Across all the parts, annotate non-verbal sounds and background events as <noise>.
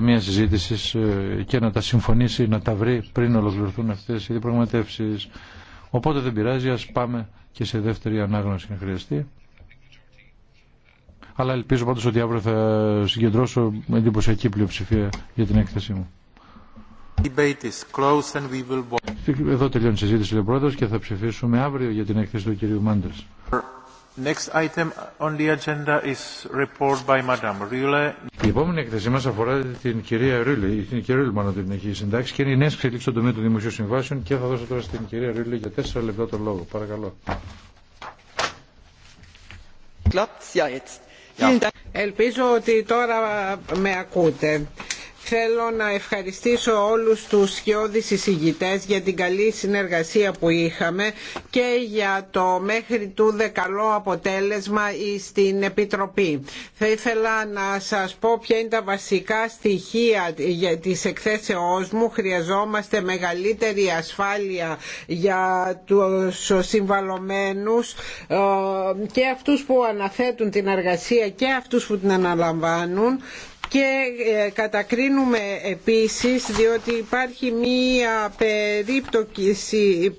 μια συζήτηση ε, και να τα συμφωνήσει, να τα βρει πριν ολοκληρωθούν αυτέ οι διαπραγματεύσει. Οπότε δεν πειράζει, α πάμε και σε δεύτερη ανάγνωση αν χρειαστεί. Αλλά ελπίζω πάντω ότι αύριο θα συγκεντρώσω εντυπωσιακή πλειοψηφία για την έκθεσή μου. Εδώ τελειώνει η συζήτηση, λέει πρόεδρος, και θα ψηφίσουμε αύριο για την έκθεση του κυρίου Μάντερ. Next item on the agenda is report by Madame η επόμενη έκθεσή μα αφορά την κυρία Ρούλη. Την κυρία Ρούλη, μάλλον την έχει συντάξει και είναι οι νέε εξελίξει στον τομέα των δημοσίων συμβάσεων. Και θα δώσω τώρα στην κυρία Ρούλη για τέσσερα λεπτά το λόγο. Παρακαλώ. Ελπίζω ότι τώρα με ακούτε. Θέλω να ευχαριστήσω όλους τους σκιώδεις εισηγητές για την καλή συνεργασία που είχαμε και για το μέχρι του καλό αποτέλεσμα στην Επιτροπή. Θα ήθελα να σας πω ποια είναι τα βασικά στοιχεία της εκθέσεώς μου. Χρειαζόμαστε μεγαλύτερη ασφάλεια για τους συμβαλωμένους ε, και αυτούς που αναθέτουν την εργασία και αυτούς που την αναλαμβάνουν και ε, κατακρίνουμε επίσης διότι υπάρχει μία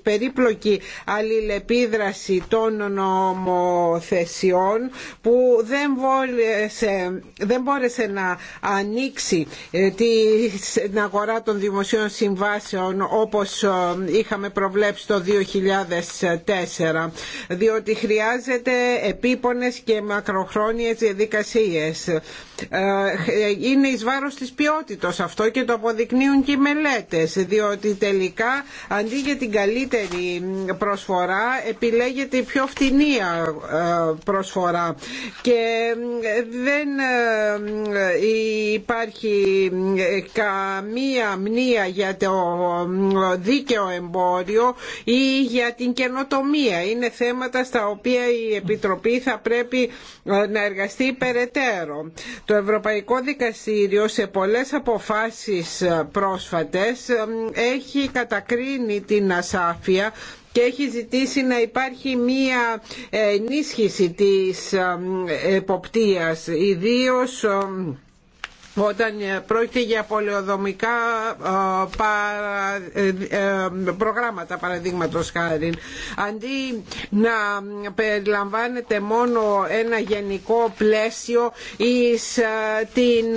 περίπλοκη αλληλεπίδραση των νομοθεσιών που δεν μπόρεσε, να ανοίξει ε, την αγορά των δημοσίων συμβάσεων όπως ε, είχαμε προβλέψει το 2004 διότι χρειάζεται επίπονες και μακροχρόνιες διαδικασίες ε, είναι εις βάρος της ποιότητος αυτό και το αποδεικνύουν και οι μελέτες διότι τελικά αντί για την καλύτερη προσφορά επιλέγεται η πιο φτηνή ε, προσφορά και ε, δεν υπάρχει καμία μνήα για το δίκαιο εμπόριο ή για την καινοτομία. Είναι θέματα στα οποία η Επιτροπή θα πρέπει να εργαστεί περαιτέρω. Το Ευρωπαϊκό Δικαστήριο σε πολλές αποφάσεις πρόσφατες έχει κατακρίνει την ασάφεια και έχει ζητήσει να υπάρχει μία ενίσχυση της εποπτείας, ιδίως όταν ε, πρόκειται για πολεοδομικά ε, ε, προγράμματα παραδείγματος χάρη αντί να περιλαμβάνεται μόνο ένα γενικό πλαίσιο εις, την,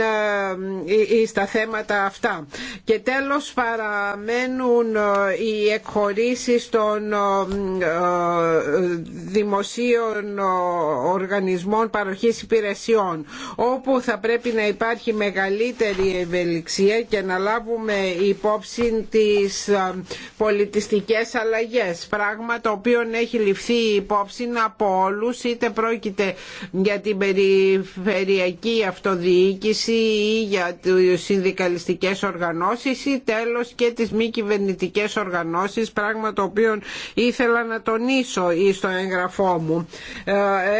τα θέματα αυτά και τέλος παραμένουν οι εκχωρήσεις των δημοσίων οργανισμών παροχής υπηρεσιών όπου θα πρέπει να υπάρχει μεγαλύτερη ευελιξία και να λάβουμε υπόψη τις ε, πολιτιστικές αλλαγές. Πράγμα το οποίο έχει ληφθεί υπόψη από όλους, είτε πρόκειται για την περιφερειακή αυτοδιοίκηση ή για τις συνδικαλιστικές οργανώσεις ή τέλος και τις μη κυβερνητικέ οργανώσεις, πράγμα το οποίο ήθελα να τονίσω στο έγγραφό μου. Ε,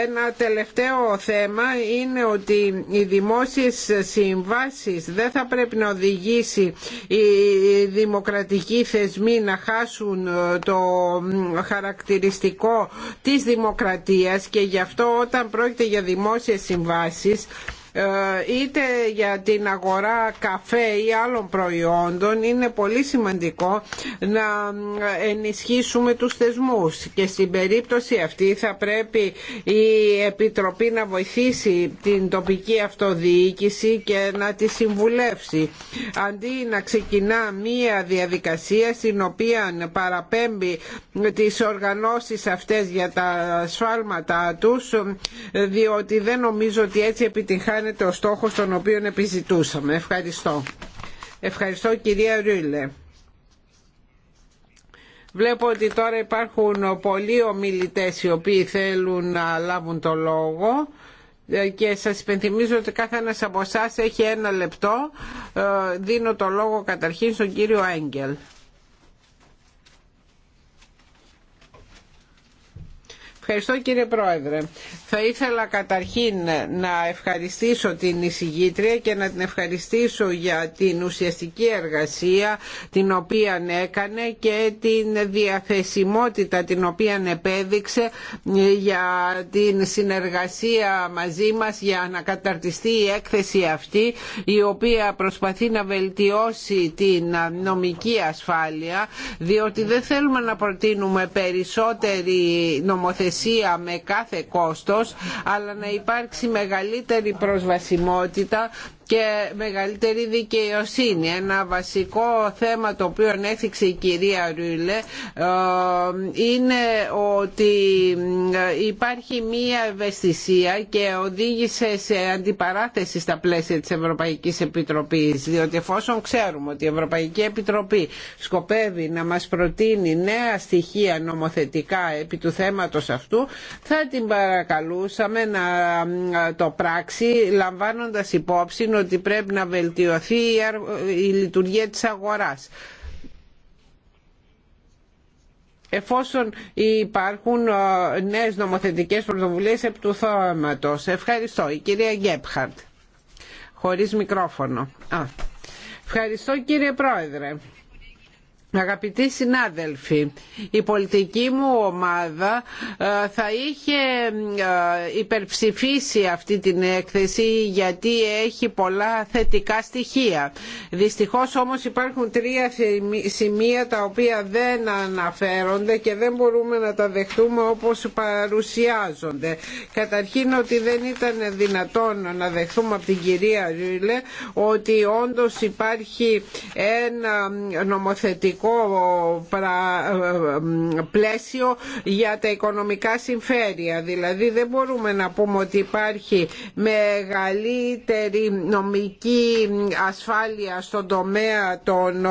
ένα τελευταίο θέμα είναι ότι οι δημόσιες συμβάσεις δεν θα πρέπει να οδηγήσει οι δημοκρατικοί θεσμοί να χάσουν ε, το χαρακτηριστικό της δημοκρατίας και γι' αυτό όταν πρόκειται για δημόσιες συμβάσεις ε, είτε για την αγορά καφέ ή άλλων προϊόντων είναι πολύ σημαντικό να ενισχύσουμε τους θεσμούς και στην περίπτωση αυτή θα πρέπει η Επιτροπή να βοηθήσει την τοπική αυτοδιοίκηση και να τη συμβουλεύσει αντί να ξεκινά μία διαδικασία στην οποία παραπέμπει τις οργανώσεις αυτές για τα σφάλματα τους διότι δεν νομίζω ότι έτσι επιτυχάνει επιτάνεται ο στόχος τον οποίο επιζητούσαμε. Ευχαριστώ. Ευχαριστώ κυρία Ρούλε. Βλέπω ότι τώρα υπάρχουν πολλοί ομιλητές οι οποίοι θέλουν να λάβουν το λόγο και σας υπενθυμίζω ότι κάθε ένας από εσά έχει ένα λεπτό. Ε, δίνω το λόγο καταρχήν στον κύριο Έγγελ. Ευχαριστώ κύριε Πρόεδρε. Θα ήθελα καταρχήν να ευχαριστήσω την εισηγήτρια και να την ευχαριστήσω για την ουσιαστική εργασία την οποία έκανε και την διαθεσιμότητα την οποία επέδειξε για την συνεργασία μαζί μας για να καταρτιστεί η έκθεση αυτή η οποία προσπαθεί να βελτιώσει την νομική ασφάλεια διότι δεν θέλουμε να προτείνουμε περισσότερη νομοθεσία ηγεσία με κάθε κόστος αλλά να υπάρξει μεγαλύτερη προσβασιμότητα και μεγαλύτερη δικαιοσύνη. Ένα βασικό θέμα το οποίο ανέφηξε η κυρία Ρούλε ε, είναι ότι ε, υπάρχει μία ευαισθησία και οδήγησε σε αντιπαράθεση στα πλαίσια της Ευρωπαϊκής Επιτροπής διότι εφόσον ξέρουμε ότι η Ευρωπαϊκή Επιτροπή σκοπεύει να μας προτείνει νέα στοιχεία νομοθετικά επί του θέματος αυτού θα την παρακαλούσαμε να ε, το πράξει λαμβάνοντας υπόψη ότι πρέπει να βελτιωθεί η λειτουργία της αγοράς εφόσον υπάρχουν ε, νέες νομοθετικές πρωτοβουλίες επί του θέματος. Ευχαριστώ. Η κυρία Γκέπχαρτ. Χωρίς μικρόφωνο. Α. Ευχαριστώ κύριε Πρόεδρε. Αγαπητοί συνάδελφοι, η πολιτική μου ομάδα ε, θα είχε ε, υπερψηφίσει αυτή την έκθεση γιατί έχει πολλά θετικά στοιχεία. Δυστυχώς όμως υπάρχουν τρία σημεία τα οποία δεν αναφέρονται και δεν μπορούμε να τα δεχτούμε όπως παρουσιάζονται. Καταρχήν ότι δεν ήταν δυνατόν να δεχθούμε από την κυρία Ρίλε ότι όντως υπάρχει ένα νομοθετικό πολιτικό ε, ε, πλαίσιο για τα οικονομικά συμφέρεια. Δηλαδή δεν μπορούμε να πούμε ότι υπάρχει μεγαλύτερη νομική ασφάλεια στον τομέα των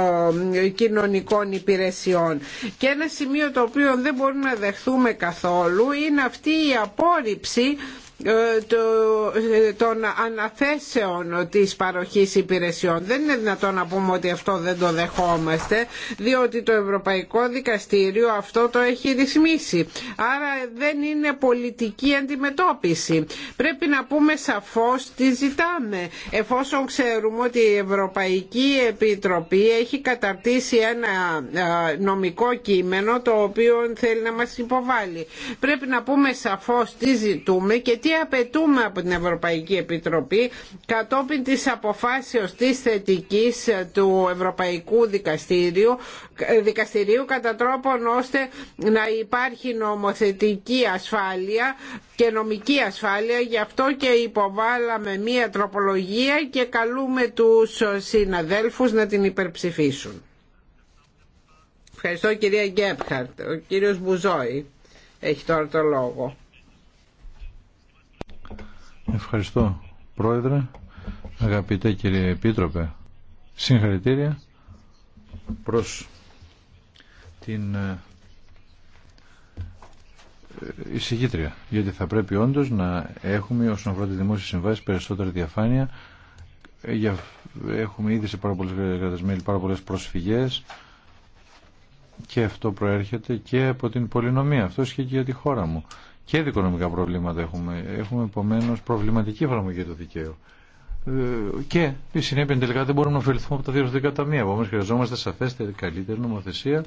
ε, κοινωνικών υπηρεσιών. Και ένα σημείο το οποίο δεν μπορούμε να δεχθούμε καθόλου είναι αυτή η απόρριψη ε, ε, των αναθέσεων της παροχής υπηρεσιών. Δεν είναι δυνατόν να πούμε ότι αυτό δεν το δεχόμαστε, διότι το Ευρωπαϊκό Δικαστήριο αυτό το έχει ρυθμίσει. Άρα δεν είναι πολιτική αντιμετώπιση. Πρέπει να πούμε σαφώς τι ζητάμε, εφόσον ξέρουμε ότι η Ευρωπαϊκή Επιτροπή έχει καταρτήσει ένα ε, νομικό κείμενο το οποίο θέλει να μας υποβάλει. Πρέπει να πούμε σαφώς τι ζητούμε τι απαιτούμε από την Ευρωπαϊκή Επιτροπή κατόπιν της αποφάσεως της θετικής του Ευρωπαϊκού Δικαστηρίου, δικαστηρίου κατά τρόπον ώστε να υπάρχει νομοθετική ασφάλεια και νομική ασφάλεια γι' αυτό και υποβάλαμε μία τροπολογία και καλούμε τους συναδέλφους να την υπερψηφίσουν. Ευχαριστώ κυρία Γκέπχαρτ. Ο κύριος Μπουζόη έχει τώρα το λόγο. Ευχαριστώ, Πρόεδρε. Αγαπητέ κύριε Επίτροπε, συγχαρητήρια προς την ε, ε, εισηγήτρια. Γιατί θα πρέπει όντως να έχουμε όσον αφορά τη δημόσια συμβάση περισσότερη διαφάνεια. Ε, έχουμε ήδη σε πάρα πολλές κρατασμένες πάρα πολλές προσφυγές και αυτό προέρχεται και από την πολυνομία. Αυτό ισχύει και για τη χώρα μου και δικονομικά προβλήματα έχουμε. Έχουμε επομένω προβληματική εφαρμογή του δικαίου. Ε, και η συνέπεια τελικά δεν μπορούμε να ωφεληθούμε από τα διευθυντικά ταμεία. Επομένω χρειαζόμαστε σαφέστερη καλύτερη νομοθεσία.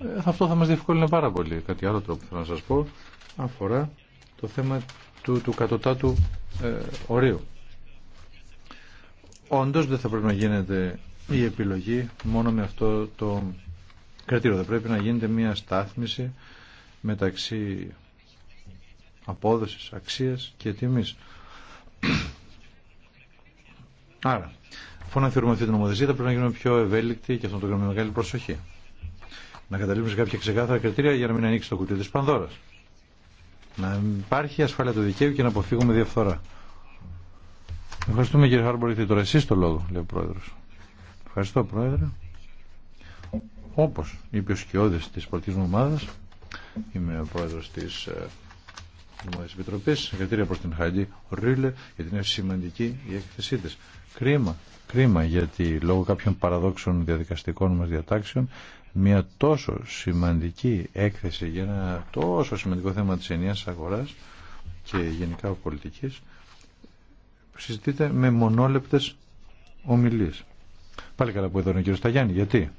Ε, αυτό θα μα διευκόλυνε πάρα πολύ. Κάτι άλλο τρόπο θέλω να σα πω αφορά το θέμα του, του κατωτάτου ε, ορίου. Όντω δεν θα πρέπει να γίνεται η επιλογή μόνο με αυτό το κρατήριο. Δεν πρέπει να γίνεται μια στάθμιση μεταξύ απόδοσης, αξίας και τιμής. <clears throat> Άρα, αφού να θεωρούμε αυτή την νομοθεσία, θα πρέπει να γίνουμε πιο ευέλικτοι και αυτό το κάνουμε με μεγάλη προσοχή. Να καταλήξουμε σε κάποια ξεκάθαρα κριτήρια για να μην ανοίξει το κουτί της Πανδώρας. Να υπάρχει ασφάλεια του δικαίου και να αποφύγουμε διαφθορά. Ευχαριστούμε κύριε Χάρμπορ, ήρθε τώρα εσεί το λόγο, λέει ο πρόεδρο. Ευχαριστώ, πρόεδρε. Όπω είπε ο σκιώδη τη πολιτική μου ομάδα, είμαι ο πρόεδρο τη ε, Νομικής Επιτροπής. Συγχαρητήρια προς την Χαϊντή Ρίλε γιατί είναι σημαντική η έκθεσή της. Κρίμα, κρίμα γιατί λόγω κάποιων παραδόξων διαδικαστικών μας διατάξεων μια τόσο σημαντική έκθεση για ένα τόσο σημαντικό θέμα της ενιαίας αγοράς και γενικά πολιτικής συζητείται με μονόλεπτες ομιλίες. Πάλι καλά που εδώ είναι ο κύριος Σταγιάννη. Γιατί?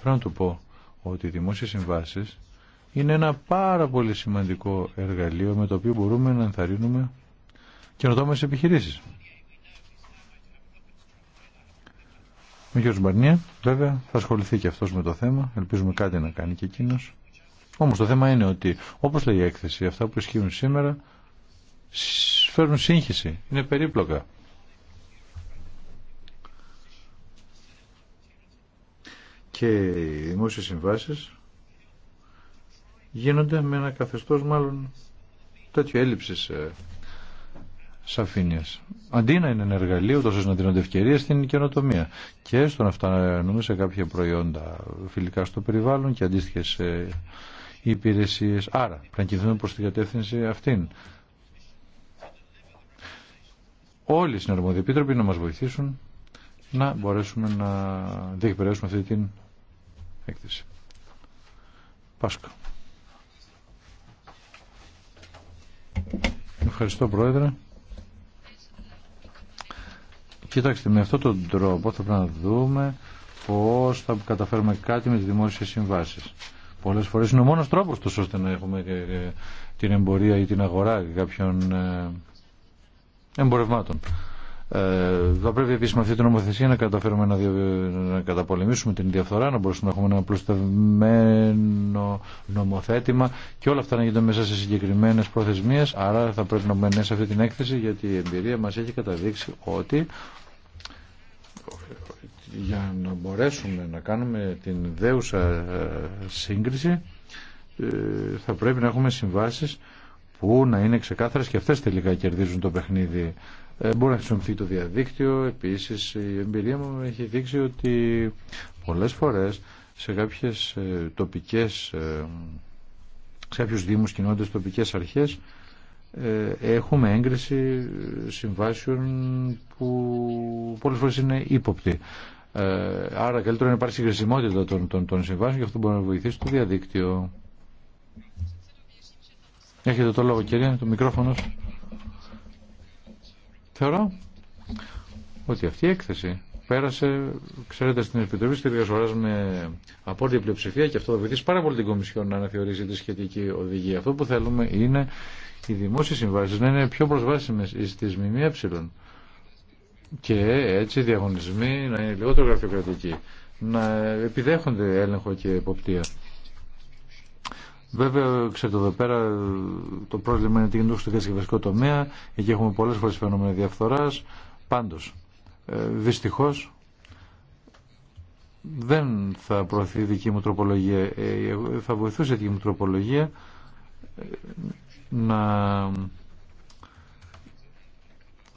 Θέλω να του πω ότι οι δημόσιες συμβάσεις είναι ένα πάρα πολύ σημαντικό εργαλείο με το οποίο μπορούμε να ενθαρρύνουμε καινοτόμε επιχειρήσεις. Ο κ. Μπαρνία, βέβαια, θα ασχοληθεί και αυτός με το θέμα. Ελπίζουμε κάτι να κάνει και εκείνο. Όμως το θέμα είναι ότι, όπως λέει η έκθεση, αυτά που ισχύουν σήμερα φέρνουν σύγχυση. Είναι περίπλοκα. Και οι δημόσιες συμβάσεις γίνονται με ένα καθεστώς μάλλον τέτοιο έλλειψης ε, σαφήνειας. Αντί να είναι ένα εργαλείο, τόσο να δίνονται ευκαιρίες στην καινοτομία. Και έστω να φτάνουμε σε κάποια προϊόντα φιλικά στο περιβάλλον και αντίστοιχε ε, υπηρεσίες. Άρα, πρέπει να κινηθούμε προς την κατεύθυνση αυτήν. Όλοι οι συναρμόδιοι επίτροποι να μας βοηθήσουν να μπορέσουμε να διεκπαιρέσουμε αυτή την έκθεση. Πάσκο. Ευχαριστώ Πρόεδρε. Κοιτάξτε, με αυτόν τον τρόπο θα πρέπει να δούμε πώς θα καταφέρουμε κάτι με τις δημόσιες συμβάσεις. Πολλές φορές είναι ο μόνος τρόπος τους ώστε να έχουμε ε, ε, την εμπορία ή την αγορά κάποιων ε, εμπορευμάτων. Ε, θα πρέπει επίση με αυτή την νομοθεσία να καταφέρουμε να, διο... καταπολεμήσουμε την διαφθορά, να μπορούμε να έχουμε ένα απλουστευμένο νομοθέτημα και όλα αυτά να γίνονται μέσα σε συγκεκριμένε προθεσμίε. Άρα θα πρέπει να μπούμε ναι σε αυτή την έκθεση γιατί η εμπειρία μα έχει καταδείξει ότι για να μπορέσουμε να κάνουμε την δέουσα ε, σύγκριση ε, θα πρέπει να έχουμε συμβάσεις που να είναι ξεκάθαρες και αυτές τελικά κερδίζουν το παιχνίδι ε, μπορεί να χρησιμοποιηθεί το διαδίκτυο. Επίσης η εμπειρία μου έχει δείξει ότι πολλές φορές σε κάποιες ε, τοπικές, ε, σε κάποιους δήμους, κοινότητες, τοπικές αρχές έχουμε έγκριση συμβάσεων που πολλές φορές είναι ύποπτη. άρα καλύτερο να υπάρχει συγκρισιμότητα των, των, των συμβάσεων και αυτό μπορεί να βοηθήσει το διαδίκτυο. Έχετε το λόγο κυρία, το μικρόφωνο Θεωρώ ότι αυτή η έκθεση πέρασε, ξέρετε, στην Επιτροπή τη διασφορά με απόλυτη πλειοψηφία και αυτό θα βοηθήσει πάρα πολύ την Κομισιόν να αναθεωρήσει τη σχετική οδηγία. Αυτό που θέλουμε είναι οι δημόσιε συμβάσει να είναι πιο προσβάσιμε στι ΜΜΕ και έτσι οι διαγωνισμοί να είναι λιγότερο γραφειοκρατικοί, να επιδέχονται έλεγχο και εποπτεία. Βέβαια, ξέρετε εδώ πέρα, ε, το πρόβλημα είναι τι γίνεται του διασκευαστικό τομέα. Εκεί έχουμε πολλέ φορέ φαινόμενα διαφθορά. Πάντω, ε, δυστυχώ δεν θα προωθεί η δική μου τροπολογία. Ε, θα βοηθούσε η δική μου τροπολογία να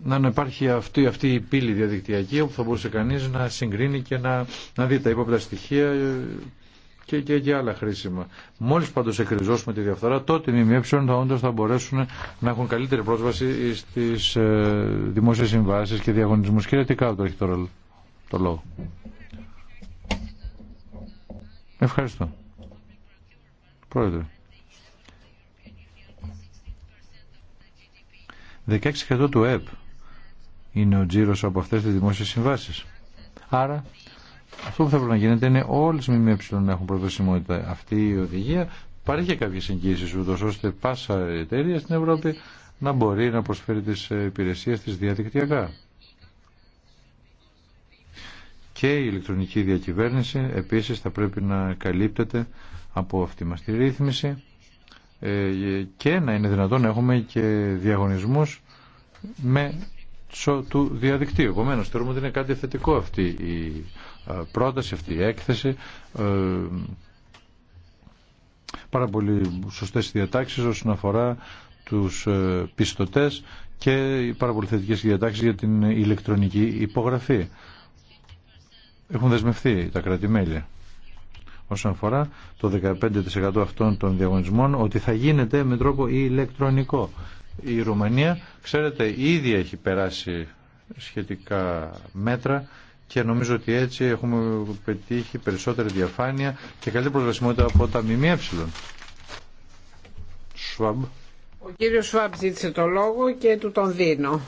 να υπάρχει αυτή, αυτή η πύλη διαδικτυακή όπου θα μπορούσε κανείς να συγκρίνει και να, να δει τα υπόπτα στοιχεία και, και, και άλλα χρήσιμα. Μόλι πάντω εκριζώσουμε τη διαφθορά, τότε οι ΜΜΕ θα θα μπορέσουν να έχουν καλύτερη πρόσβαση στι ε, δημόσιε συμβάσει και διαγωνισμού. Κύριε Τικάουτο, έχει τώρα το λόγο. Ευχαριστώ. Πρόεδρε. 16% του ΕΠ είναι ο τζίρος από αυτές τις δημόσιες συμβάσεις. Άρα αυτό που θα πρέπει να γίνεται είναι όλες οι ΜΜΕ να έχουν προσβασιμότητα. Αυτή η οδηγία παρέχει κάποιες εγγύσεις ούτως ώστε πάσα εταιρεία στην Ευρώπη να μπορεί να προσφέρει τις υπηρεσίες της διαδικτυακά. Και η ηλεκτρονική διακυβέρνηση επίσης θα πρέπει να καλύπτεται από αυτή μας τη ρύθμιση ε, και να είναι δυνατόν να έχουμε και διαγωνισμούς με του διαδικτύου. Επομένω, θεωρούμε ότι είναι κάτι θετικό αυτή η πρόταση, αυτή η έκθεση. Ε, πάρα πολύ σωστές διατάξεις όσον αφορά τους ε, πιστωτές και πάρα πολύ θετικές διατάξεις για την ηλεκτρονική υπογραφή. Έχουν δεσμευτεί τα κρατημέλια όσον αφορά το 15% αυτών των διαγωνισμών ότι θα γίνεται με τρόπο ηλεκτρονικό. Η Ρουμανία, ξέρετε, ήδη έχει περάσει σχετικά μέτρα και νομίζω ότι έτσι έχουμε πετύχει περισσότερη διαφάνεια και καλύτερη προσβασιμότητα από τα ΜΜΕ. Schwab. Ο κύριος Σουάμπ ζήτησε το λόγο και του τον δίνω.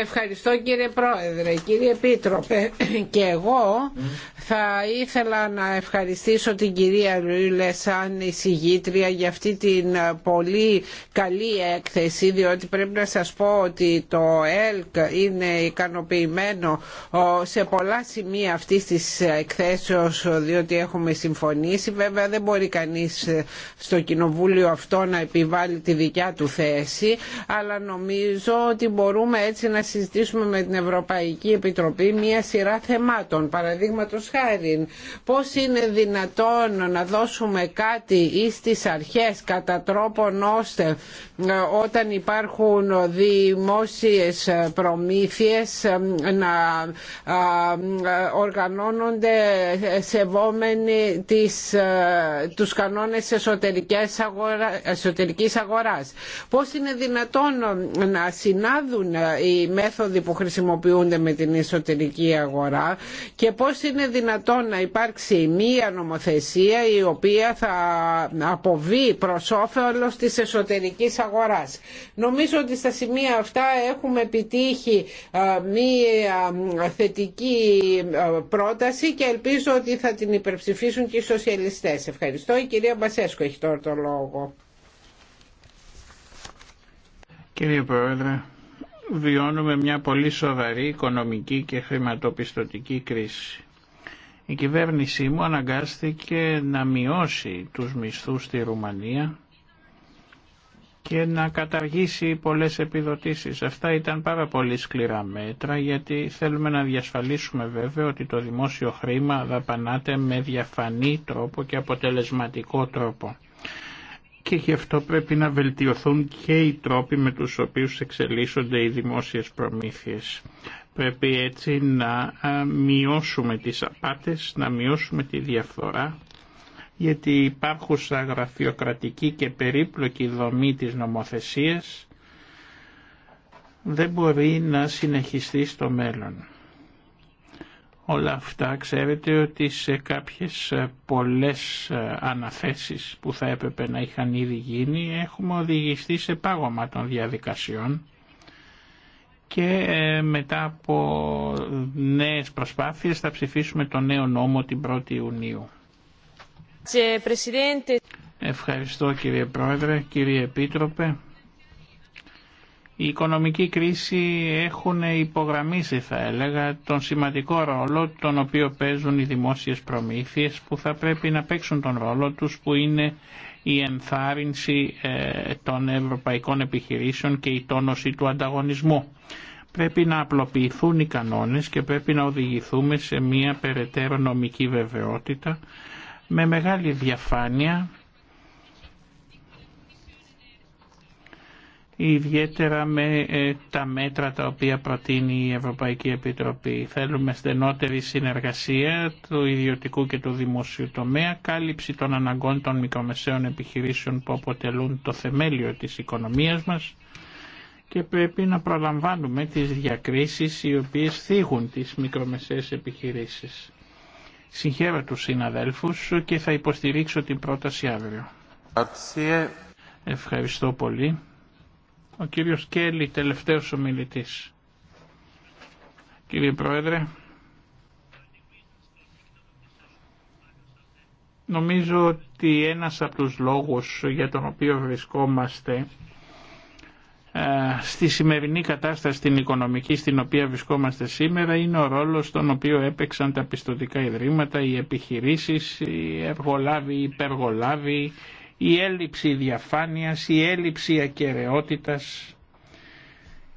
Ευχαριστώ κύριε Πρόεδρε, κύριε Επίτροπε <clears throat> και εγώ θα ήθελα να ευχαριστήσω την κυρία Ρούιλε σαν εισηγήτρια για αυτή την ε, πολύ καλή έκθεση διότι πρέπει να σας πω ότι το ΕΛΚ είναι ικανοποιημένο σε πολλά σημεία αυτής της εκθέσεως διότι έχουμε συμφωνήσει. Βέβαια δεν μπορεί κανείς ε, στο κοινοβούλιο αυτό να επιβάλλει τη δικιά του θέση αλλά νομίζω ότι μπορούμε έτσι να συζητήσουμε με την Ευρωπαϊκή Επιτροπή μία σειρά θεμάτων. Παραδείγματο χάρη, πώς είναι δυνατόν να δώσουμε κάτι ή στι αρχές κατά τρόπον ώστε ε, όταν υπάρχουν δημόσιε προμήθειε ε, να ε, οργανώνονται σεβόμενοι τις, τους κανόνες εσωτερικής, αγορά, εσωτερικής αγοράς. Πώς είναι δυνατόν να συνάδουν οι μέθοδοι που χρησιμοποιούνται με την εσωτερική αγορά και πώς είναι δυνατόν να υπάρξει μία νομοθεσία η οποία θα αποβεί προς όφελος της εσωτερικής αγοράς. Νομίζω ότι στα σημεία αυτά έχουμε επιτύχει μία θετική πρόταση και ελπίζω ότι θα την υπερψηφίσουν και οι σοσιαλιστές. Ευχαριστώ. Η κυρία Μπασέσκο έχει τώρα το λόγο. Κύριε Πρόεδρε, βιώνουμε μια πολύ σοβαρή οικονομική και χρηματοπιστωτική κρίση. Η κυβέρνησή μου αναγκάστηκε να μειώσει τους μισθούς στη Ρουμανία και να καταργήσει πολλές επιδοτήσεις. Αυτά ήταν πάρα πολύ σκληρά μέτρα γιατί θέλουμε να διασφαλίσουμε βέβαια ότι το δημόσιο χρήμα δαπανάται με διαφανή τρόπο και αποτελεσματικό τρόπο και γι' αυτό πρέπει να βελτιωθούν και οι τρόποι με τους οποίους εξελίσσονται οι δημόσιες προμήθειες. Πρέπει έτσι να μειώσουμε τις απάτες, να μειώσουμε τη διαφθορά, γιατί υπάρχουσα γραφειοκρατική και περίπλοκη δομή της νομοθεσίας δεν μπορεί να συνεχιστεί στο μέλλον. Όλα αυτά ξέρετε ότι σε κάποιες ε, πολλές ε, αναθέσεις που θα έπρεπε να είχαν ήδη γίνει έχουμε οδηγηστεί σε πάγωμα των διαδικασιών και ε, μετά από νέες προσπάθειες θα ψηφίσουμε το νέο νόμο την 1η Ιουνίου. Ευχαριστώ κύριε Πρόεδρε, κύριε Επίτροπε. Η οικονομική κρίση έχουν υπογραμμίσει θα έλεγα τον σημαντικό ρόλο τον οποίο παίζουν οι δημόσιες προμήθειες που θα πρέπει να παίξουν τον ρόλο τους που είναι η ενθάρρυνση ε, των ευρωπαϊκών επιχειρήσεων και η τόνωση του ανταγωνισμού. Πρέπει να απλοποιηθούν οι κανόνες και πρέπει να οδηγηθούμε σε μια περαιτέρω νομική βεβαιότητα με μεγάλη διαφάνεια ιδιαίτερα με ε, τα μέτρα τα οποία προτείνει η Ευρωπαϊκή Επιτροπή. Θέλουμε στενότερη συνεργασία του ιδιωτικού και του δημοσίου τομέα, κάλυψη των αναγκών των μικρομεσαίων επιχειρήσεων που αποτελούν το θεμέλιο της οικονομίας μας και πρέπει να προλαμβάνουμε τις διακρίσεις οι οποίες θίγουν τις μικρομεσαίες επιχειρήσεις. Συγχαίρω τους συναδέλφους και θα υποστηρίξω την πρόταση αύριο. Ευχαριστώ πολύ. Ο κύριος Κέλλη, τελευταίος ομιλητής. Κύριε Πρόεδρε, νομίζω ότι ένας από τους λόγους για τον οποίο βρισκόμαστε ε, στη σημερινή κατάσταση την οικονομική στην οποία βρισκόμαστε σήμερα είναι ο ρόλος τον οποίο έπαιξαν τα πιστοτικά ιδρύματα, οι επιχειρήσεις, οι εργολάβοι, οι υπεργολάβοι, η έλλειψη διαφάνειας, η έλλειψη ακεραιότητας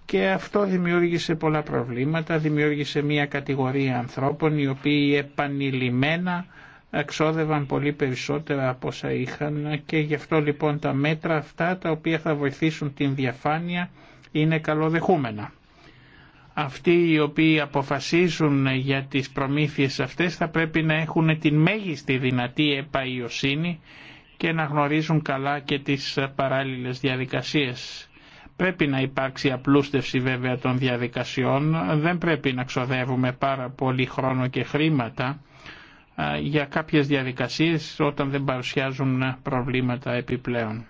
και αυτό δημιούργησε πολλά προβλήματα, δημιούργησε μια κατηγορία ανθρώπων οι οποίοι επανειλημμένα εξόδευαν πολύ περισσότερα από όσα είχαν και γι' αυτό λοιπόν τα μέτρα αυτά τα οποία θα βοηθήσουν την διαφάνεια είναι καλοδεχούμενα. Αυτοί οι οποίοι αποφασίζουν για τις προμήθειες αυτές θα πρέπει να έχουν την μέγιστη δυνατή επαϊοσύνη και να γνωρίζουν καλά και τις παράλληλες διαδικασίες. Πρέπει να υπάρξει απλούστευση βέβαια των διαδικασιών, δεν πρέπει να ξοδεύουμε πάρα πολύ χρόνο και χρήματα για κάποιες διαδικασίες όταν δεν παρουσιάζουν προβλήματα επιπλέον.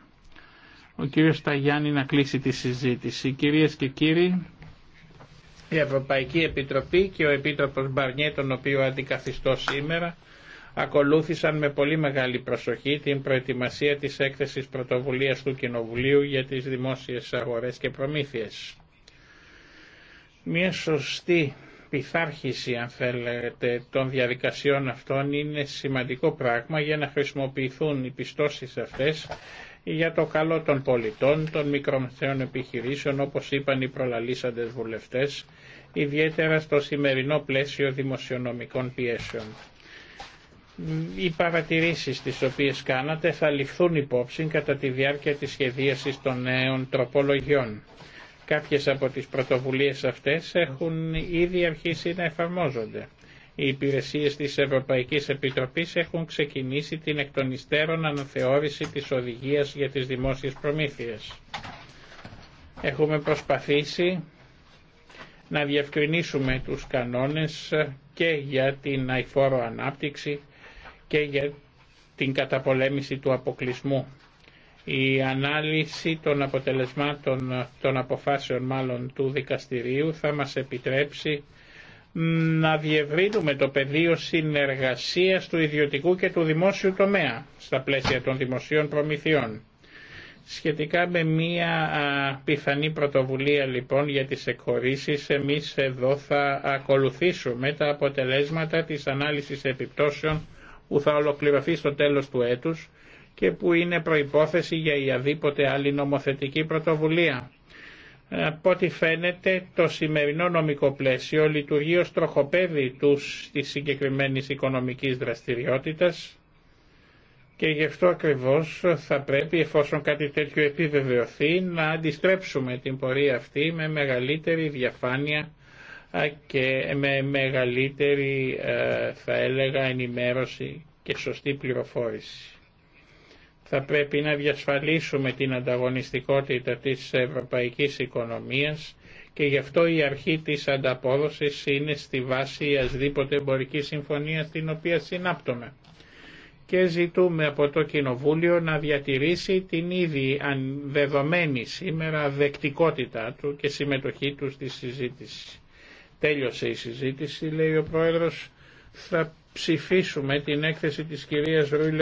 Ο κύριος Σταγιάννη να κλείσει τη συζήτηση. Κυρίες και κύριοι, η Ευρωπαϊκή Επιτροπή και ο Επίτροπος Μπαρνιέ, τον οποίο αντικαθιστώ σήμερα, ακολούθησαν με πολύ μεγάλη προσοχή την προετοιμασία της έκθεσης πρωτοβουλίας του Κοινοβουλίου για τις δημόσιες αγορές και προμήθειες. Μια σωστή πειθάρχηση, αν θέλετε, των διαδικασιών αυτών είναι σημαντικό πράγμα για να χρησιμοποιηθούν οι πιστώσεις αυτές για το καλό των πολιτών, των μικρομεσαίων επιχειρήσεων, όπως είπαν οι προλαλήσαντες βουλευτές, ιδιαίτερα στο σημερινό πλαίσιο δημοσιονομικών πιέσεων οι παρατηρήσεις τις οποίες κάνατε θα ληφθούν υπόψη κατά τη διάρκεια της σχεδίασης των νέων τροπολογιών. Κάποιες από τις πρωτοβουλίες αυτές έχουν ήδη αρχίσει να εφαρμόζονται. Οι υπηρεσίες της Ευρωπαϊκής Επιτροπής έχουν ξεκινήσει την εκτονιστέρων αναθεώρηση της οδηγίας για τις δημόσιες προμήθειες. Έχουμε προσπαθήσει να διευκρινίσουμε τους κανόνες και για την αηφόρο ανάπτυξη και για την καταπολέμηση του αποκλεισμού. Η ανάλυση των αποτελεσμάτων, των αποφάσεων μάλλον του δικαστηρίου θα μας επιτρέψει να διευρύνουμε το πεδίο συνεργασίας του ιδιωτικού και του δημόσιου τομέα στα πλαίσια των δημοσίων προμηθειών. Σχετικά με μία πιθανή πρωτοβουλία λοιπόν για τις εκχωρήσεις, εμείς εδώ θα ακολουθήσουμε τα αποτελέσματα της ανάλυσης επιπτώσεων που θα ολοκληρωθεί στο τέλος του έτους και που είναι προϋπόθεση για η αδίποτε άλλη νομοθετική πρωτοβουλία. Ε, από ό,τι φαίνεται το σημερινό νομικό πλαίσιο λειτουργεί ως τροχοπέδι τους της συγκεκριμένης οικονομικής δραστηριότητας και γι' αυτό ακριβώς θα πρέπει εφόσον κάτι τέτοιο επιβεβαιωθεί να αντιστρέψουμε την πορεία αυτή με μεγαλύτερη διαφάνεια και με μεγαλύτερη ε, θα έλεγα ενημέρωση και σωστή πληροφόρηση. Θα πρέπει να διασφαλίσουμε την ανταγωνιστικότητα της ευρωπαϊκής οικονομίας και γι' αυτό η αρχή της ανταπόδοσης είναι στη βάση ασδήποτε εμπορική συμφωνία την οποία συνάπτουμε. Και ζητούμε από το Κοινοβούλιο να διατηρήσει την ήδη δεδομένη σήμερα δεκτικότητα του και συμμετοχή του στη συζήτηση. Τέλειωσε η συζήτηση, λέει ο Πρόεδρος. Θα ψηφίσουμε την έκθεση της κυρίας Ρούιλε